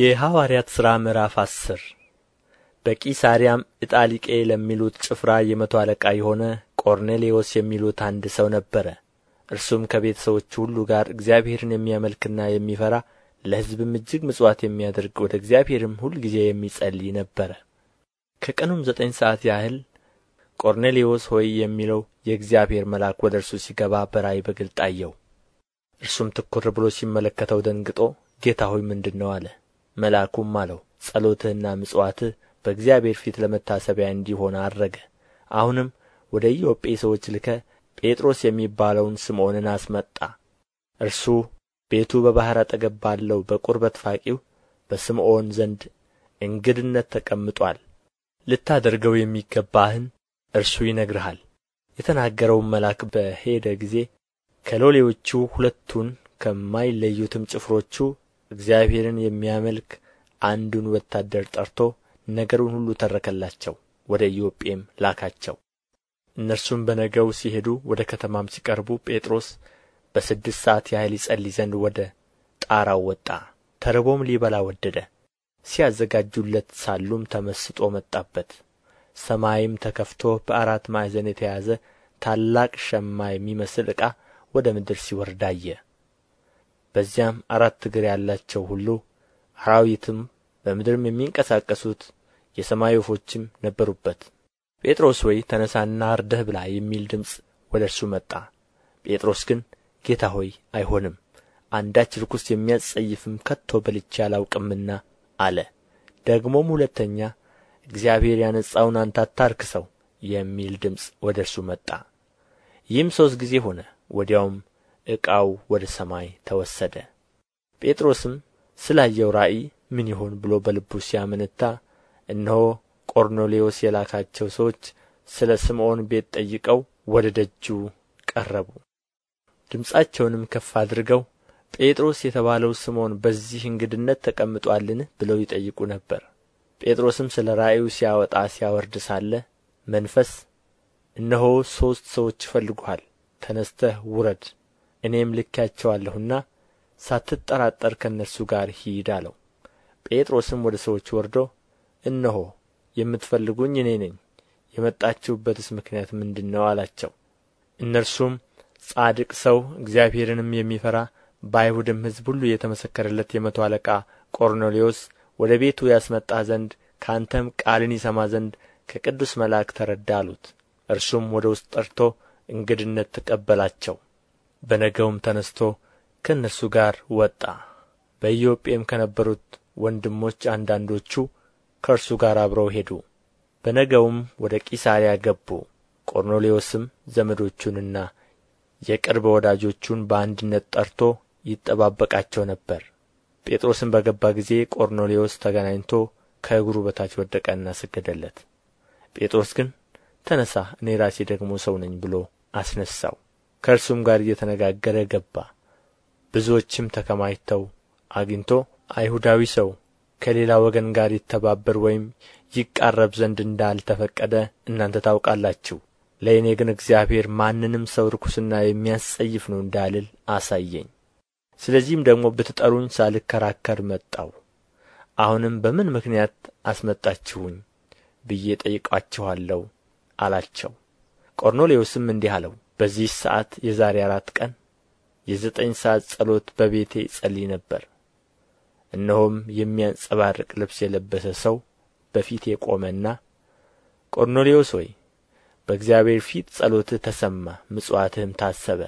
የሐዋርያት ሥራ ምዕራፍ አስር በቂሳርያም ኢጣሊቄ ለሚሉት ጭፍራ የመቶ አለቃ የሆነ ቆርኔሌዎስ የሚሉት አንድ ሰው ነበረ። እርሱም ከቤተ ሰዎቹ ሁሉ ጋር እግዚአብሔርን የሚያመልክና የሚፈራ ለሕዝብም እጅግ ምጽዋት የሚያደርግ ወደ እግዚአብሔርም ሁልጊዜ የሚጸልይ ነበረ። ከቀኑም ዘጠኝ ሰዓት ያህል ቆርኔሌዎስ ሆይ የሚለው የእግዚአብሔር መልአክ ወደ እርሱ ሲገባ በራእይ በግልጥ አየው። እርሱም ትኩር ብሎ ሲመለከተው ደንግጦ ጌታ ሆይ ምንድን ነው አለ። መልአኩም አለው ጸሎትህና ምጽዋትህ በእግዚአብሔር ፊት ለመታሰቢያ እንዲሆን አረገ አሁንም ወደ ኢዮጴ ሰዎች ልከ ጴጥሮስ የሚባለውን ስምዖንን አስመጣ እርሱ ቤቱ በባሕር አጠገብ ባለው በቁርበት ፋቂው በስምዖን ዘንድ እንግድነት ተቀምጧል። ልታደርገው የሚገባህን እርሱ ይነግርሃል የተናገረውን መልአክ በሄደ ጊዜ ከሎሌዎቹ ሁለቱን ከማይለዩትም ጭፍሮቹ እግዚአብሔርን የሚያመልክ አንዱን ወታደር ጠርቶ ነገሩን ሁሉ ተረከላቸው ወደ ኢዮጴም ላካቸው እነርሱም በነገው ሲሄዱ ወደ ከተማም ሲቀርቡ ጴጥሮስ በስድስት ሰዓት ያህል ይጸልይ ዘንድ ወደ ጣራው ወጣ ተርቦም ሊበላ ወደደ ሲያዘጋጁለት ሳሉም ተመስጦ መጣበት ሰማይም ተከፍቶ በአራት ማዕዘን የተያዘ ታላቅ ሸማ የሚመስል ዕቃ ወደ ምድር ሲወርድ አየ በዚያም አራት እግር ያላቸው ሁሉ አራዊትም በምድርም የሚንቀሳቀሱት የሰማይ ወፎችም ነበሩበት ጴጥሮስ ወይ ተነሳና አርደህ ብላ የሚል ድምፅ ወደ እርሱ መጣ ጴጥሮስ ግን ጌታ ሆይ አይሆንም አንዳች ርኩስ የሚያስጸይፍም ከቶ በልቼ አላውቅምና አለ ደግሞም ሁለተኛ እግዚአብሔር ያነጻውን አንተ አታርክሰው የሚል ድምፅ ወደ እርሱ መጣ ይህም ሦስት ጊዜ ሆነ ወዲያውም ዕቃው ወደ ሰማይ ተወሰደ ጴጥሮስም ስላየው ራእይ ምን ይሆን ብሎ በልቡ ሲያመነታ እነሆ ቆርኔሌዎስ የላካቸው ሰዎች ስለ ስምዖን ቤት ጠይቀው ወደ ደጁ ቀረቡ። ድምፃቸውንም ከፍ አድርገው ጴጥሮስ የተባለው ስምዖን በዚህ እንግድነት ተቀምጧልን ብለው ይጠይቁ ነበር። ጴጥሮስም ስለ ራእዩ ሲያወጣ ሲያወርድ ሳለ መንፈስ እነሆ ሦስት ሰዎች ይፈልጉሃል፣ ተነስተህ ውረድ እኔም ልኬአቸዋለሁና ሳትጠራጠር ከእነርሱ ጋር ሂድ አለው ጴጥሮስም ወደ ሰዎች ወርዶ እነሆ የምትፈልጉኝ እኔ ነኝ የመጣችሁበትስ ምክንያት ምንድን ነው አላቸው እነርሱም ጻድቅ ሰው እግዚአብሔርንም የሚፈራ በአይሁድም ሕዝብ ሁሉ የተመሰከረለት የመቶ አለቃ ቆርኔሌዎስ ወደ ቤቱ ያስመጣ ዘንድ ከአንተም ቃልን ይሰማ ዘንድ ከቅዱስ መልአክ ተረዳ አሉት እርሱም ወደ ውስጥ ጠርቶ እንግድነት ተቀበላቸው በነገውም ተነስቶ ከእነርሱ ጋር ወጣ። በኢዮጴም ከነበሩት ወንድሞች አንዳንዶቹ ከእርሱ ጋር አብረው ሄዱ። በነገውም ወደ ቂሳርያ ገቡ። ቆርኔሌዎስም ዘመዶቹንና የቅርብ ወዳጆቹን በአንድነት ጠርቶ ይጠባበቃቸው ነበር። ጴጥሮስም በገባ ጊዜ ቆርኔሌዎስ ተገናኝቶ ከእግሩ በታች ወደቀና ሰገደለት። ጴጥሮስ ግን ተነሣ፣ እኔ ራሴ ደግሞ ሰው ነኝ ብሎ አስነሣው። ከእርሱም ጋር እየተነጋገረ ገባ። ብዙዎችም ተከማችተው አግኝቶ አይሁዳዊ ሰው ከሌላ ወገን ጋር ይተባበር ወይም ይቃረብ ዘንድ እንዳልተፈቀደ እናንተ ታውቃላችሁ። ለእኔ ግን እግዚአብሔር ማንንም ሰው ርኩስና የሚያስጸይፍ ነው እንዳልል አሳየኝ። ስለዚህም ደግሞ ብትጠሩኝ ሳልከራከር መጣሁ። አሁንም በምን ምክንያት አስመጣችሁኝ ብዬ ጠይቃችኋለሁ አላቸው። ቆርኔሌዎስም እንዲህ አለው፣ በዚህ ሰዓት የዛሬ አራት ቀን የዘጠኝ ሰዓት ጸሎት በቤቴ እጸልይ ነበር እነሆም የሚያንጸባርቅ ልብስ የለበሰ ሰው በፊቴ ቆመና ቆርኔሌዎስ ሆይ በእግዚአብሔር ፊት ጸሎትህ ተሰማ ምጽዋትህም ታሰበ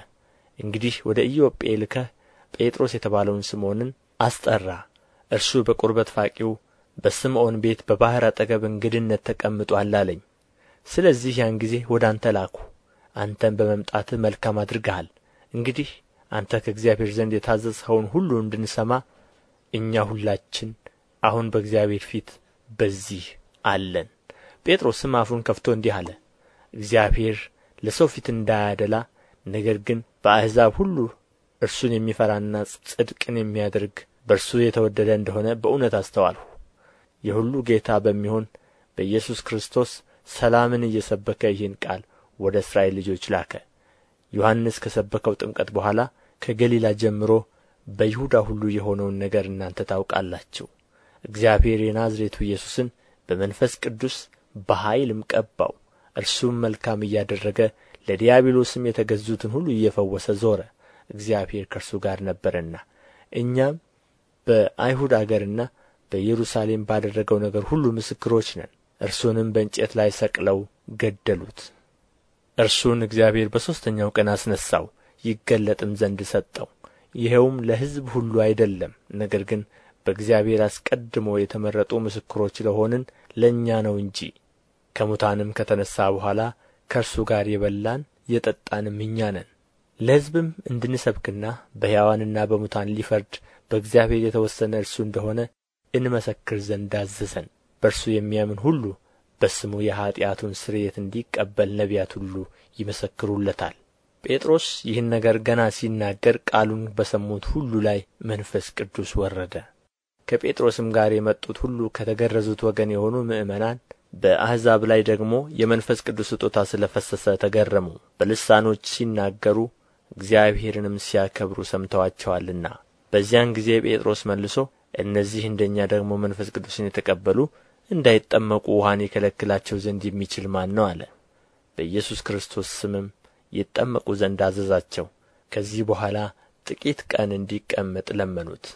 እንግዲህ ወደ ኢዮጴ ልከህ ጴጥሮስ የተባለውን ስምዖንን አስጠራ እርሱ በቁርበት ፋቂው በስምዖን ቤት በባሕር አጠገብ እንግድነት ተቀምጦአል አለኝ ስለዚህ ያን ጊዜ ወደ አንተ ላኩ። አንተም በመምጣትህ መልካም አድርገሃል እንግዲህ አንተ ከእግዚአብሔር ዘንድ የታዘዝኸውን ሁሉ እንድንሰማ እኛ ሁላችን አሁን በእግዚአብሔር ፊት በዚህ አለን ጴጥሮስም አፉን ከፍቶ እንዲህ አለ እግዚአብሔር ለሰው ፊት እንዳያደላ ነገር ግን በአሕዛብ ሁሉ እርሱን የሚፈራና ጽድቅን የሚያደርግ በእርሱ የተወደደ እንደሆነ በእውነት አስተዋልሁ። የሁሉ ጌታ በሚሆን በኢየሱስ ክርስቶስ ሰላምን እየሰበከ ይህን ቃል ወደ እስራኤል ልጆች ላከ ዮሐንስ ከሰበከው ጥምቀት በኋላ ከገሊላ ጀምሮ በይሁዳ ሁሉ የሆነውን ነገር እናንተ ታውቃላችሁ እግዚአብሔር የናዝሬቱ ኢየሱስን በመንፈስ ቅዱስ በኃይልም ቀባው እርሱም መልካም እያደረገ ለዲያብሎስም የተገዙትን ሁሉ እየፈወሰ ዞረ እግዚአብሔር ከእርሱ ጋር ነበረና እኛም በአይሁድ አገርና በኢየሩሳሌም ባደረገው ነገር ሁሉ ምስክሮች ነን እርሱንም በእንጨት ላይ ሰቅለው ገደሉት እርሱን እግዚአብሔር በሦስተኛው ቀን አስነሣው ይገለጥም ዘንድ ሰጠው። ይኸውም ለሕዝብ ሁሉ አይደለም፣ ነገር ግን በእግዚአብሔር አስቀድሞ የተመረጡ ምስክሮች ለሆንን ለእኛ ነው እንጂ። ከሙታንም ከተነሣ በኋላ ከእርሱ ጋር የበላን የጠጣንም እኛ ነን። ለሕዝብም እንድንሰብክና በሕያዋንና በሙታን ሊፈርድ በእግዚአብሔር የተወሰነ እርሱ እንደሆነ እንመሰክር ዘንድ አዘዘን። በእርሱ የሚያምን ሁሉ በስሙ የኃጢአቱን ስርየት እንዲቀበል ነቢያት ሁሉ ይመሰክሩለታል ጴጥሮስ ይህን ነገር ገና ሲናገር ቃሉን በሰሙት ሁሉ ላይ መንፈስ ቅዱስ ወረደ ከጴጥሮስም ጋር የመጡት ሁሉ ከተገረዙት ወገን የሆኑ ምእመናን በአሕዛብ ላይ ደግሞ የመንፈስ ቅዱስ ስጦታ ስለ ፈሰሰ ተገረሙ በልሳኖች ሲናገሩ እግዚአብሔርንም ሲያከብሩ ሰምተዋቸዋልና በዚያን ጊዜ ጴጥሮስ መልሶ እነዚህ እንደኛ ደግሞ መንፈስ ቅዱስን የተቀበሉ እንዳይጠመቁ ውሃን ይከለክላቸው ዘንድ የሚችል ማን ነው አለ። በኢየሱስ ክርስቶስ ስምም ይጠመቁ ዘንድ አዘዛቸው። ከዚህ በኋላ ጥቂት ቀን እንዲቀመጥ ለመኑት።